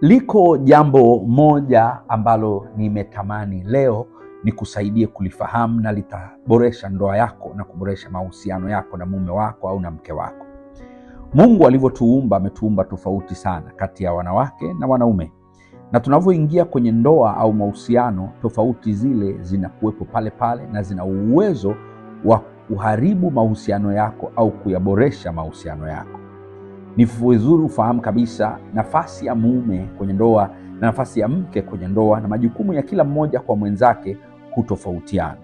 Liko jambo moja ambalo nimetamani leo nikusaidie kulifahamu na litaboresha ndoa yako na kuboresha mahusiano yako na mume wako au na mke wako. Mungu alivyotuumba ametuumba tofauti sana kati ya wanawake na wanaume, na tunavyoingia kwenye ndoa au mahusiano, tofauti zile zinakuwepo pale pale na zina uwezo wa kuharibu mahusiano yako au kuyaboresha mahusiano yako. Ni vizuri ufahamu kabisa nafasi ya mume kwenye ndoa na nafasi ya mke kwenye ndoa, na majukumu ya kila mmoja kwa mwenzake hutofautiana.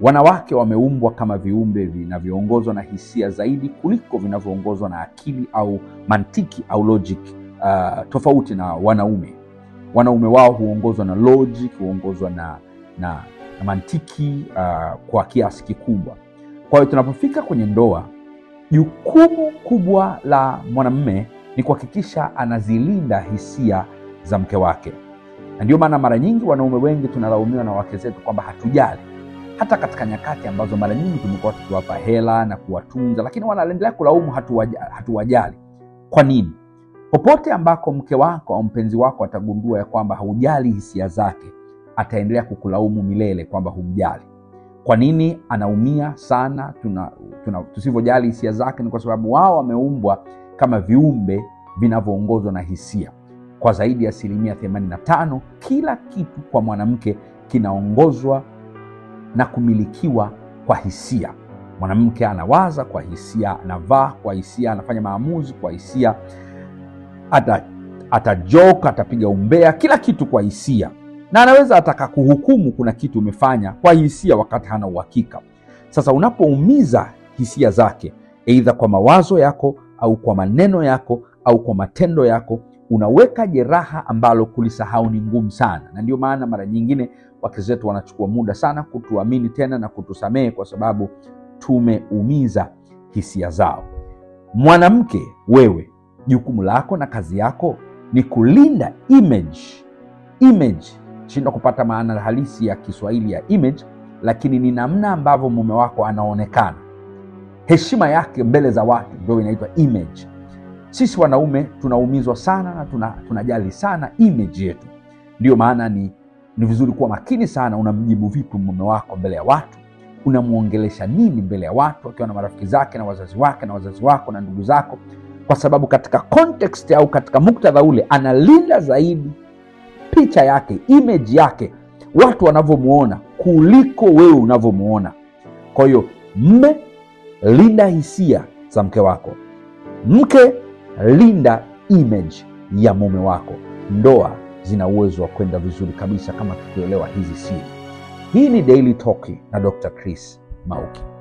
Wanawake wameumbwa kama viumbe vinavyoongozwa na hisia zaidi kuliko vinavyoongozwa na akili au mantiki au logic, uh, tofauti na wanaume. Wanaume wao huongozwa na logic, huongozwa na, na, na mantiki uh, kwa kiasi kikubwa. Kwa hiyo tunapofika kwenye ndoa Jukumu kubwa la mwanamume ni kuhakikisha anazilinda hisia za mke wake, na ndio maana mara nyingi wanaume wengi tunalaumiwa na wake zetu kwamba hatujali, hata katika nyakati ambazo mara nyingi tumekuwa tukiwapa hela na kuwatunza, lakini wanaendelea kulaumu hatuwajali. Kwa nini? Popote ambako mke wako au mpenzi wako atagundua ya kwamba haujali hisia zake, ataendelea kukulaumu milele kwamba humjali kwa nini anaumia sana tuna, tuna, tusivyojali hisia zake ni kwa sababu wao wameumbwa kama viumbe vinavyoongozwa na hisia kwa zaidi ya asilimia 85 kila kitu kwa mwanamke kinaongozwa na kumilikiwa kwa hisia mwanamke anawaza kwa hisia anavaa kwa hisia anafanya maamuzi kwa hisia ata, atajoka atapiga umbea kila kitu kwa hisia na anaweza ataka kuhukumu kuna kitu umefanya kwa hisia wakati hana uhakika. Sasa unapoumiza hisia zake, aidha kwa mawazo yako au kwa maneno yako au kwa matendo yako, unaweka jeraha ambalo kulisahau ni ngumu sana, na ndio maana mara nyingine wakristo wetu wanachukua muda sana kutuamini tena na kutusamehe kwa sababu tumeumiza hisia zao. Mwanamke, wewe jukumu lako na kazi yako ni kulinda image image shindwa kupata maana halisi ya Kiswahili ya image, lakini ni namna ambavyo mume wako anaonekana, heshima yake mbele za watu ndio inaitwa image. Sisi wanaume tunaumizwa sana na tuna, tunajali sana image yetu. Ndiyo maana ni, ni vizuri kuwa makini sana, unamjibu vipi mume wako mbele ya watu, unamwongelesha nini mbele ya watu, akiwa na marafiki zake na wazazi wake na wazazi wako na ndugu zako, kwa sababu katika context au katika muktadha ule analinda zaidi picha yake, image yake, watu wanavyomwona kuliko wewe unavyomwona. Kwa hiyo mme, linda hisia za mke wako. Mke, linda image ya mume wako. Ndoa zina uwezo wa kwenda vizuri kabisa kama tukielewa hizi siri. Hii ni Daily Talk na Dr. Chris Mauki.